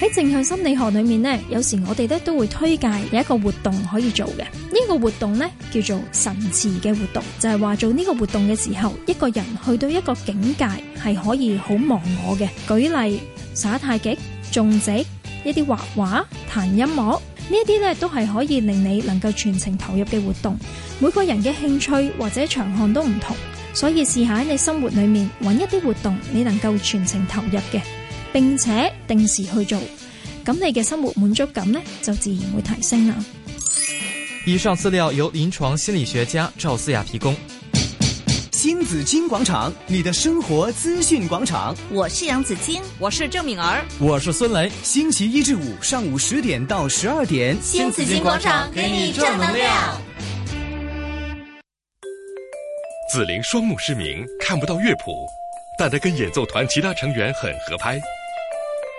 喺正向心理學裏面呢，有時我哋咧都會推介有一個活動可以做嘅。呢個活動呢，叫做神馳嘅活動，就係話做呢個活動嘅時候，一個人去到一個境界係可以好忘我嘅。舉例耍太極、種植、一啲畫畫、彈音樂，呢啲呢都係可以令你能夠全程投入嘅活動。每個人嘅興趣或者長項都唔同，所以試下喺你生活裏面揾一啲活動，你能夠全程投入嘅。並且定時去做，咁你嘅生活滿足感呢就自然會提升啦。以上資料由臨床心理學家趙思雅提供。新紫金廣場，你的生活資訊廣場。我是楊紫金，我是鄭敏兒，我是孫雷。星期一至五上午十點到十二點，新紫金廣場給你正能量。子玲雙目失明，看不到樂譜，但他跟演奏團其他成員很合拍。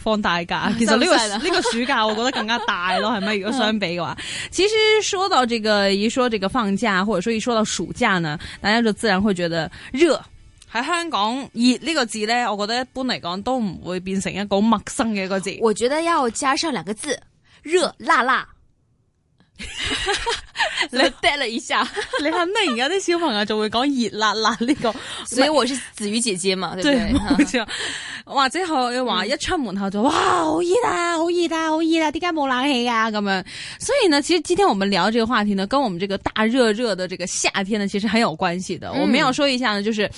放大假，其實呢個呢個暑假我覺得更加大咯，係咪 如果相比嘅話？其實說到這個，一說這個放假，或者說一說到暑假呢，大家就自然會覺得熱。喺香港熱呢個字呢，我覺得一般嚟講都唔會變成一個陌生嘅一個字。我覺得要加上兩個字，熱辣辣。你帶 了一下，你睇？那人家啲小朋友就會講熱辣辣呢個，所以我是子瑜姐姐嘛，對唔對 哇，最後又話一出門口就哇，哇好熱啊，好熱啊，好熱啊，點解冇冷氣啊？咁樣，所以呢，其實今天我們聊呢個話題呢，跟我們這個大熱熱的這個夏天呢，其實很有關係的。嗯、我們要說一下呢，就是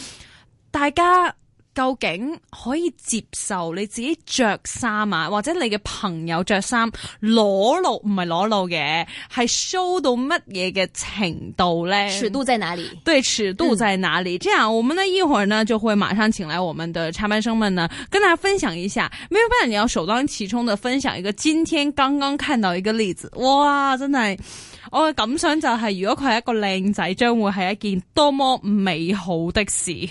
大家。.究竟可以接受你自己着衫啊，或者你嘅朋友着衫裸露，唔係裸露嘅，係 show 到乜嘢嘅程度咧？尺度在哪裏？對，尺度在哪裏？嗯、這樣，我們一呢一會呢就會馬上請來我們的插班生們呢，跟大家分享一下。沒有辦法，你要首當其衝的分享一個今天剛剛看到一個例子，哇，真係，我嘅感想就係、是，如果佢係一個靚仔，將會係一件多麼美好的事。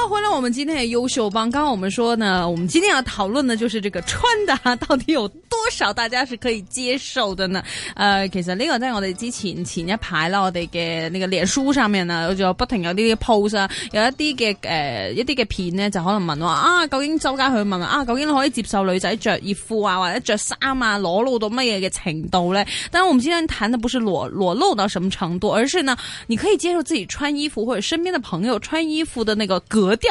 歡迎我們今天的優秀幫。剛剛我們說呢，我們今天要討論的就是這個穿搭到底有多少大家是可以接受的呢？呃，其實呢個真係我哋之前前一排啦，我哋嘅那個臉書上面啊，就不停有呢啲 post 啊，有一啲嘅誒，一啲嘅片咧，就可能問話啊，究竟周街去問啊，究竟你可以接受女仔着熱褲啊，或者着衫啊，裸露到乜嘢嘅程度咧？但係我們今天談的不是裸裸露到什麼程度，而是呢，你可以接受自己穿衣服，或者身邊的朋友穿衣服的那個格調。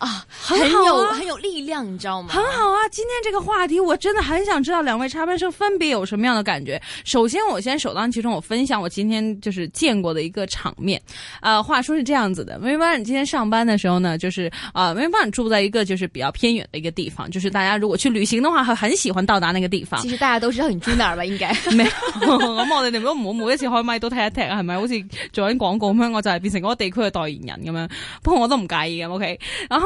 哦、啊，很好啊，很有力量，你知道嗎？很好啊！今天這個話題，我真的很想知道兩位插班生分別有什麼樣的感覺。首先，我先首當其衝，我分享我今天就是見過的一個場面。呃，話說是這樣子的，梅老你今天上班的時候呢，就是呃，梅老你住在一個就是比較偏遠的一個地方，就是大家如果去旅行的話，很很喜歡到達那個地方。其實大家都知道你住哪兒吧？應該沒有。我冇得，你有冇？每一次開麥都聽一聽啊，係咪？好似做緊廣告咁樣，我就係變成嗰個地區嘅代言人咁樣。不過我都唔介意嘅，OK。然後。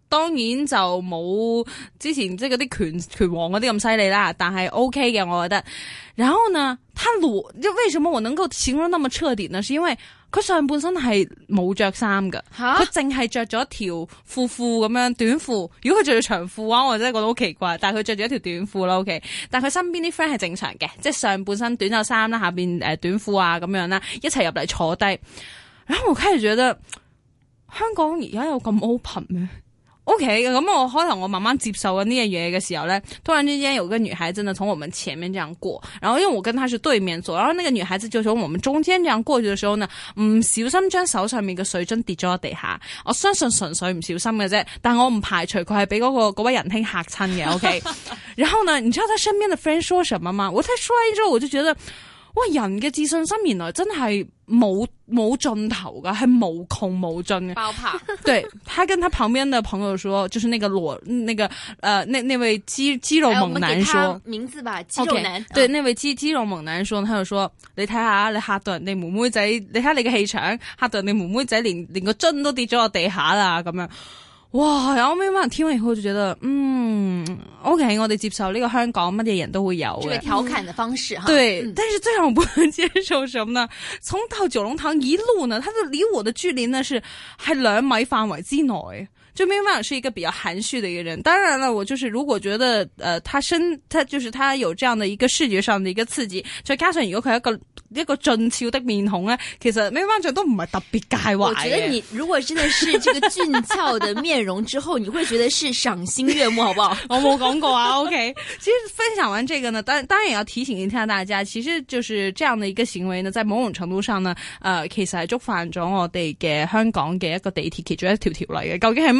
當然就冇之前即係嗰啲拳拳王嗰啲咁犀利啦，但係 O K 嘅我覺得。然後呢，他裸，為什麼我能夠前 run 那麼出個呢？是因為佢上半身係冇着衫噶，佢淨係着咗一條褲褲咁樣短褲。如果佢着住長褲啊，我真係覺得好奇怪。但係佢着住一條短褲啦，O K。但係佢身邊啲 friend 係正常嘅，即係上半身短袖衫啦，下邊誒短褲啊咁樣啦，一齊入嚟坐低。然後我開始覺得香港而家有咁 open 咩？O K，咁我可能我慢慢接受呢樣嘢嘅時候咧，突然之間有個女孩子呢從我們前面這樣過，然後因為我跟她是對面坐，然後那個女孩子就從我們中間這樣過去嘅時候呢，唔小心將手上面嘅水樽跌咗喺地下，我相信純粹唔小心嘅啫，但我唔排除佢係俾嗰個嗰位、那個、仁兄吓親嘅 O K，然後呢，你知道他身邊嘅 friend 說什麼嗎？我佢說完之後我就覺得。喂人嘅自信心原來真係冇冇盡頭噶，係無窮無盡嘅。爆棚爆炮， 對他跟他旁邊嘅朋友說，就是那個羅那個，呃，那那位肌肌肉猛男說，哎、名字吧，肌肉男，對那位肌肌肉猛男說，他就說，哦、你睇下，你嚇到人哋妹妹仔，你睇下你嘅氣場嚇到人哋妹妹仔，連連個樽都跌咗落地下啦，咁樣。哇！然後我沒辦法聽完以後就覺得，嗯，OK，我哋接受呢個香港乜嘢人都會有。這個調侃的方式哈。嗯、對，嗯、但是最讓我不能接受什麼呢？從到九龍塘一路呢，佢都離我的距離呢，是還兩米範圍之內。就梅萬長是一個比較含蓄的一個人，當然了，我就是如果覺得呃他身他就是他有這樣的一個視覺上的一個刺激，再加上如果佢有一個一個俊俏的面孔呢，其實梅萬長都唔係特別介懷。我覺得你如果真的是這個俊俏的面容之後， 你會覺得是賞心悦目，好不好？我冇講過啊，OK。 其實分享完這個呢，當然當然也要提醒一下大家，其實就是這樣的一個行為呢，在某種程度上呢，呃，其實係觸犯咗我哋嘅香港嘅一個地鐵其中一條條例嘅，究竟係。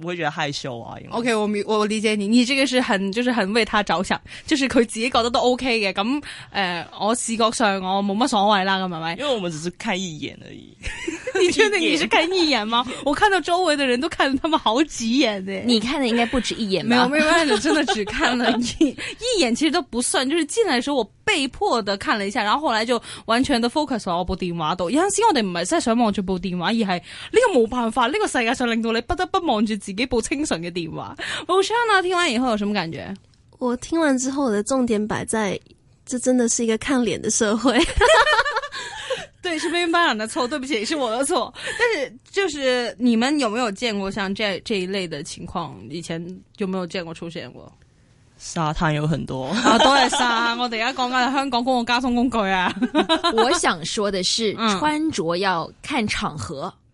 不會覺得害羞啊，因為，OK，我明我理解你，你這個是很就是很為他着想，就是佢自己覺得都 OK 嘅，咁誒、呃，我視覺上我冇乜所謂啦，咁係咪？因為我們只是看一眼而已， 你確定你是看一眼嗎？ 我看到周圍的人都看了他們好幾眼嘅，你看的應該不止一眼吧，沒有沒有，沒你真的只看了你 一,一眼，其實都不算，就是進來的時候我。被迫的看了一下，然後後來就完全的 focus 喺我部電話度。有陣時我哋唔係真係想望住部電話，而係呢個冇辦法，呢個世界上令到你不得不望住自己部清純嘅電話。Luciano 聽完以後有什麼感覺？我聽完之後，我的重點擺在，這真的是一個看臉嘅社會。 對，是編班長的錯，對不起，是我的錯。 但是，就是你們有沒有見過像這這一類的情況？以前就沒有見過出現過。沙灘有很多、 啊，多謝沙 我哋而家講下香港公共交通工具啊。 我想說嘅是，穿着要看場合。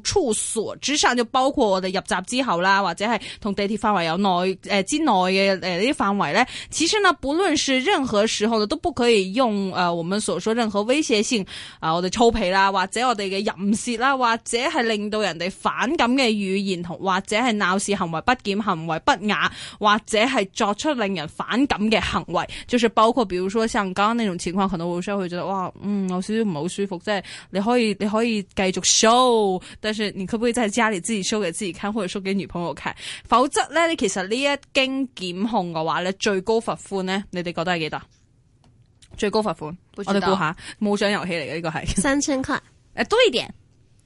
處所之上就包括我哋入閘之後啦，或者係同地鐵範圍有內誒、呃、之內嘅誒呢啲範圍咧。其實呢，不論是任何時候都不可以用誒、呃、我們所說任何威脅性啊、呃，我哋粗鄙啦，或者我哋嘅淫褻啦，或者係令到人哋反感嘅語言同或者係鬧事行為、不檢行為、不雅，或者係作出令人反感嘅行為，就是包括，比如說像剛剛那種情況，可能我 show 佢覺得哇，嗯，有少少唔好舒服，即係你可以你可以繼續 show。但是你可唔可以喺家裏自己 show 嘅，自己看，或者 show 俾女朋友睇？否則咧，你其實呢一經檢控嘅話咧，最高罰款咧，你哋覺得係幾多？最高罰款，我哋估下，冇獎遊戲嚟嘅，呢個係三千塊，誒 多一點。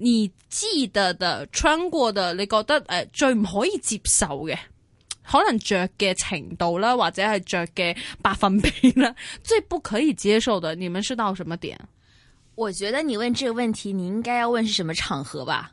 你記得的，穿過的你覺得誒、呃、最唔可以接受嘅，可能着嘅程度啦，或者係着嘅百分比啦，最不可以接受的，你們知道什麼點？我覺得你問這個問題，你應該要問是什麼場合吧。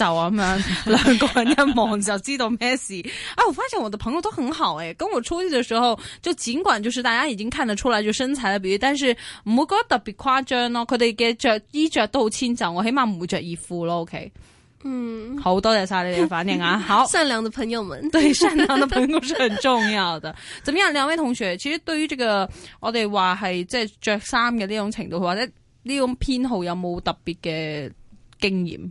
就咁樣，兩個人一望就知道咩事。 啊我發現我的朋友都很好，欸，誒，跟我出去的時候，就盡管就是大家已經看得出來就身材啦，比如，但是唔會覺得特別誇張咯。佢哋嘅着衣着都好遷就，我起碼唔會着熱褲咯。OK，嗯，好多謝晒你哋嘅反應啊。好，善良的朋友們， 對善良的朋友是很重要的。 怎麼樣，兩位同學，其實對於這個我哋話係即係着衫嘅呢種程度，或者呢種偏好，有冇特別嘅經驗？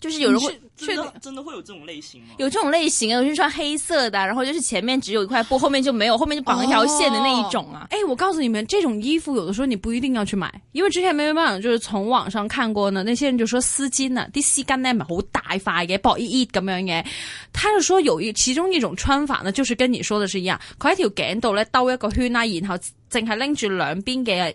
就是有人會，真的真的會有這種類型嗎？有這種類型啊，就穿黑色的，然後就是前面只有一塊布，後面就沒有，後面就綁一條線的那一種啊。哎、oh. 欸，我告訴你們，這種衣服有的時候你不一定要去買，因為之前沒辦法，就是從網上看過呢。那些人就說絲巾呢、啊，啲絲干巾呢，好大塊嘅，薄一啲咁樣嘅。他就說有一其中一種穿法呢，就是跟你說的是一樣，佢喺條頸度咧兜一個圈啦，然後淨係拎住兩邊嘅。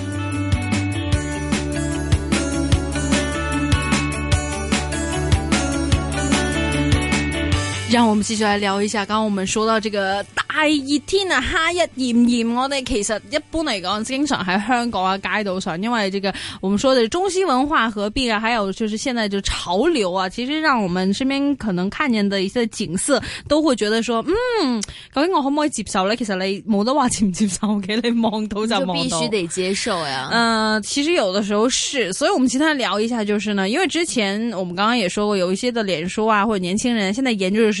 讓我們繼續來聊一下，剛剛我們說到這個大熱天啊，哈一炎炎，我哋其實一般嚟講，經常喺香港啊、街道上，因為這個我們說的中西文化合璧啊，還有就是現在就潮流啊，其實讓我們身邊可能看見的一些景色，都會覺得說，嗯，究竟我可唔可以接受呢？其實你冇得話接唔接受給你望到就必須得接受呀，啊。嗯，其實有的時候是，所以我們其他聊一下，就是呢，因為之前我們剛剛也說過，有一些的臉書啊，或者年輕人，現在研究的是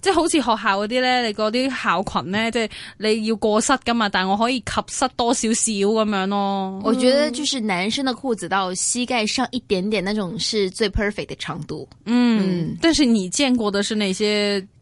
即係好似學校嗰啲咧，你嗰啲校裙咧，即係你要過膝噶嘛，但係我可以及膝多少少咁樣咯。我覺得就是男生嘅褲子到膝蓋上一點點那種是最 perfect 嘅長度。嗯，嗯，但是你見過的是哪些？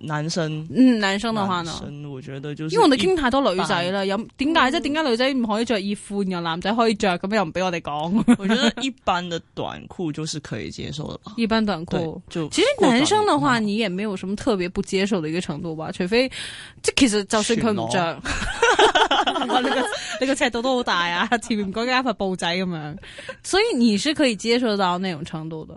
男生，嗯，男生嘅話呢？男生我覺得就，因為我哋傾太多女仔啦，有點解即係，點解女仔唔可以着熱褲，而男仔可以着？咁又唔俾我哋講。我覺得一般的短褲就是可以接受的吧。一般短褲就，其實男生的話，你也沒有什麼特別不接受的一個程度吧？除非即其實就算佢唔着，你個你個尺度都好大啊！前面嗰一塊布仔咁樣，所以你是可以接受到那種程度的。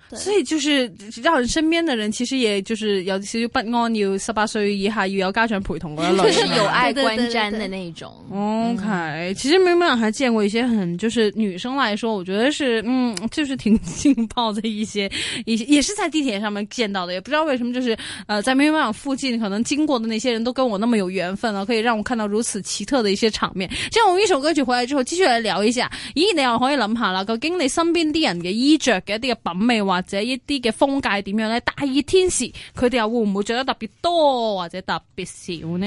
所以就是讓身邊的人其實也就是其實不安，有十八歲以下要有家長陪同嘅，就是有愛觀瞻的那種。對對對對 OK，其實明園坊還見過一些很，就是女生來說，我覺得是，嗯，就是挺勁爆的一些，一也是在地鐵上面見到的，也不知道為什麼，就是，呃，在明園坊附近可能經過的那些人都跟我那麼有緣分了，啊，可以讓我看到如此奇特的一些場面。這樣我們一首歌曲回來之後，繼續來聊一下，啊，咦，你又可以諗下啦，究竟你身邊啲人嘅衣着嘅一啲嘅品味話？或者一啲嘅風格點樣咧？大熱天時，佢哋又會唔會着得特別多或者特別少呢？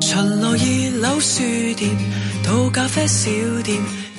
巡邏二樓書店，到咖啡小店。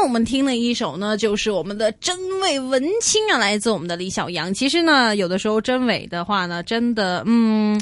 嗯、那我們聽了一首呢，就是我們的真偽文青啊，來自我們的李小陽。其實呢，有的時候真偽的話呢，真的，嗯，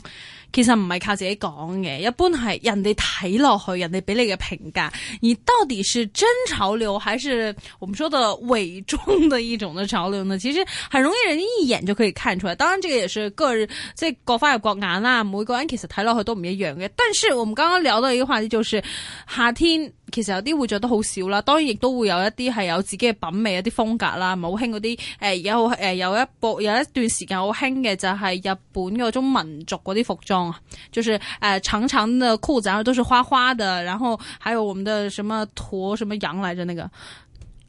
其實唔係靠自己講嘅，一般係人哋睇落去，人哋俾你嘅評價。你到底是真潮流還是我們說的偽裝的一種的潮流呢？其實很容易，人家一眼就可以看出來。當然，這個也是各人，即係各花入各眼啦，每個人其實睇落去都唔一樣嘅。但是我們剛剛聊到一個話題，就是夏天。其實有啲會着得好少啦，當然亦都會有一啲係有自己嘅品味、有一啲風格啦，唔好興嗰啲誒而家好誒有一部有一段時間好興嘅就係日本嗰種民族嗰啲服裝啊，就是誒、呃、橙橙嘅褲子，都係花花嘅，然後還有我們的什麼陀什麼羊嚟嘅。呢個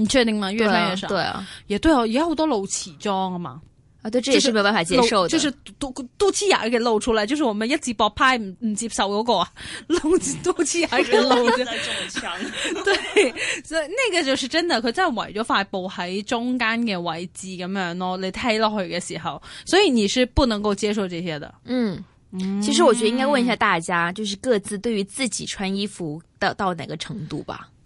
你確定嗎？越穿越少，對啊，對啊，也對啊，也有好多露臍裝啊嘛。啊，對，這也是沒有辦法接受的就，就是肚肚臍眼給露出來，就是我們一直搏拍，唔唔接受嗰、那個都露肚臍眼給露着。在中槍，對， 所以那個就是真的，佢真係圍咗塊布喺中間嘅位置咁樣咯，你踢落去嘅時候，所以你是不能夠接受這些的。嗯，其實我覺得應該問一下大家，就是各自對於自己穿衣服到到哪個程度吧。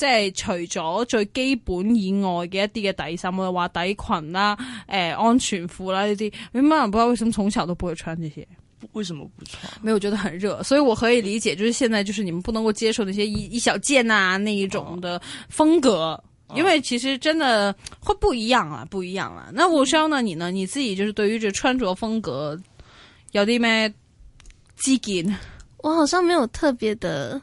即係除咗最基本以外嘅一啲嘅底衫、啊呃啊，我話底裙啦、誒安全褲啦呢啲，你媽不知道，為什麼從小都不會穿呢些。為什麼不穿？沒有，覺得很熱，所以我可以理解，就是現在就是你們不能夠接受那些一、嗯、一小件啊那一種的風格，哦、因為其實真的會不一樣啊，不一樣啊。那我需要問你呢，你自己就是對於這穿着風格有啲咩意見？我好像沒有特別的。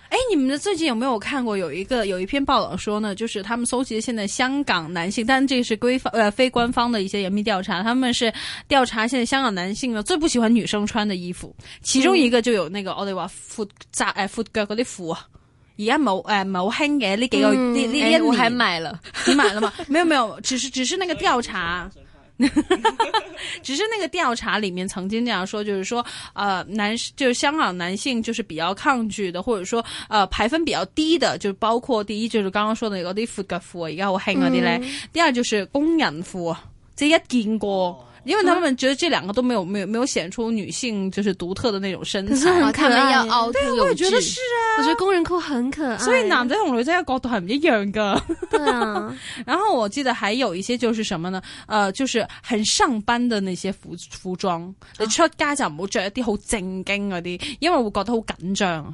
哎，你們的最近有沒有看過有一個有一篇報道說呢？就是他們搜集的現在香港男性，但這是規範呃非官方的一些嚴密調查，他們是調查現在香港男性呢最不喜歡女生穿的衣服，其中一個就有那個 Audrey Foot 哎 Foot Girl 的服，一樣冇哎冇興嘅呢幾個呢？我還買了， 你買了嗎？沒有沒有，只是只是那個調查。 只是那個調查裏面曾經那樣說，就是說，呃，男就是香港男性就是比較抗拒的，或者說呃，排分比較低的，就包括第一就是剛剛說的那個啲闊腳褲，而家好興嗰啲咧；第二就是工人褲，即一見過。哦。因為他們覺得這兩個都沒有沒有沒有顯出女性就是獨特的那種身材，他們要凹凸有致。對，我也覺得是啊。我覺得工人工人褲很可愛啊。所以男仔同女仔嘅角度係唔一樣㗎。對啊。 然後我記得還有一些就是什麼呢？呃，就是很上班的那些服服裝，你出街就唔好着一啲好正經嗰啲，因為會覺得好緊張。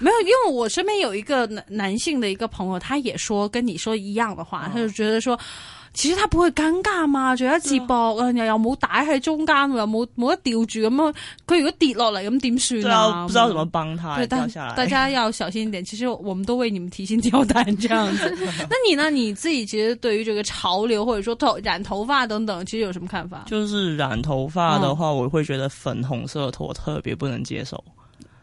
沒有，因為我身邊有一個男男性的一個朋友，他也說跟你說一樣的話，他就覺得說，其實他不會尷尬嘛？覺得雞脖啊，又又沒有打在中間，又沒有可以有有沒得吊住，咁樣，他如果跌落嚟，咁點算啊？不知道怎麼幫他。對，但大家要小心一點，其實我們都為你們提心吊膽這樣子。 那你呢？你自己其實對於這個潮流或者說頭染頭髮等等，其實有什麼看法？就是染頭髮的話，嗯、我會覺得粉紅色的頭特別不能接受。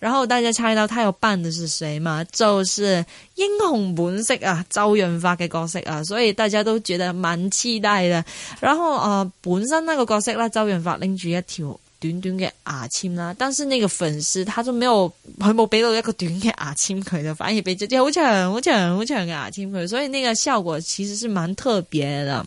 然後大家猜到他要扮的是誰嗎？就是英雄本色啊，周潤發嘅角色啊，所以大家都覺得蠻期待的。然後呃，本身那個角色啦，周潤發拎住一條短短嘅牙籤啦，但是那個粉絲他就沒有，佢冇俾到一個短嘅牙籤佢的，反而俾隻好長好長好長嘅牙籤佢，所以那個效果其實是蠻特別的。